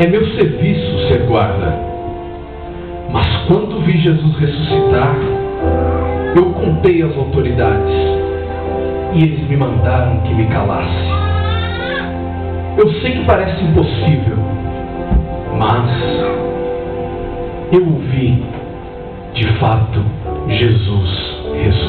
É meu serviço ser guarda. Mas quando vi Jesus ressuscitar, eu contei às autoridades e eles me mandaram que me calasse. Eu sei que parece impossível, mas eu ouvi de fato Jesus ressuscitar.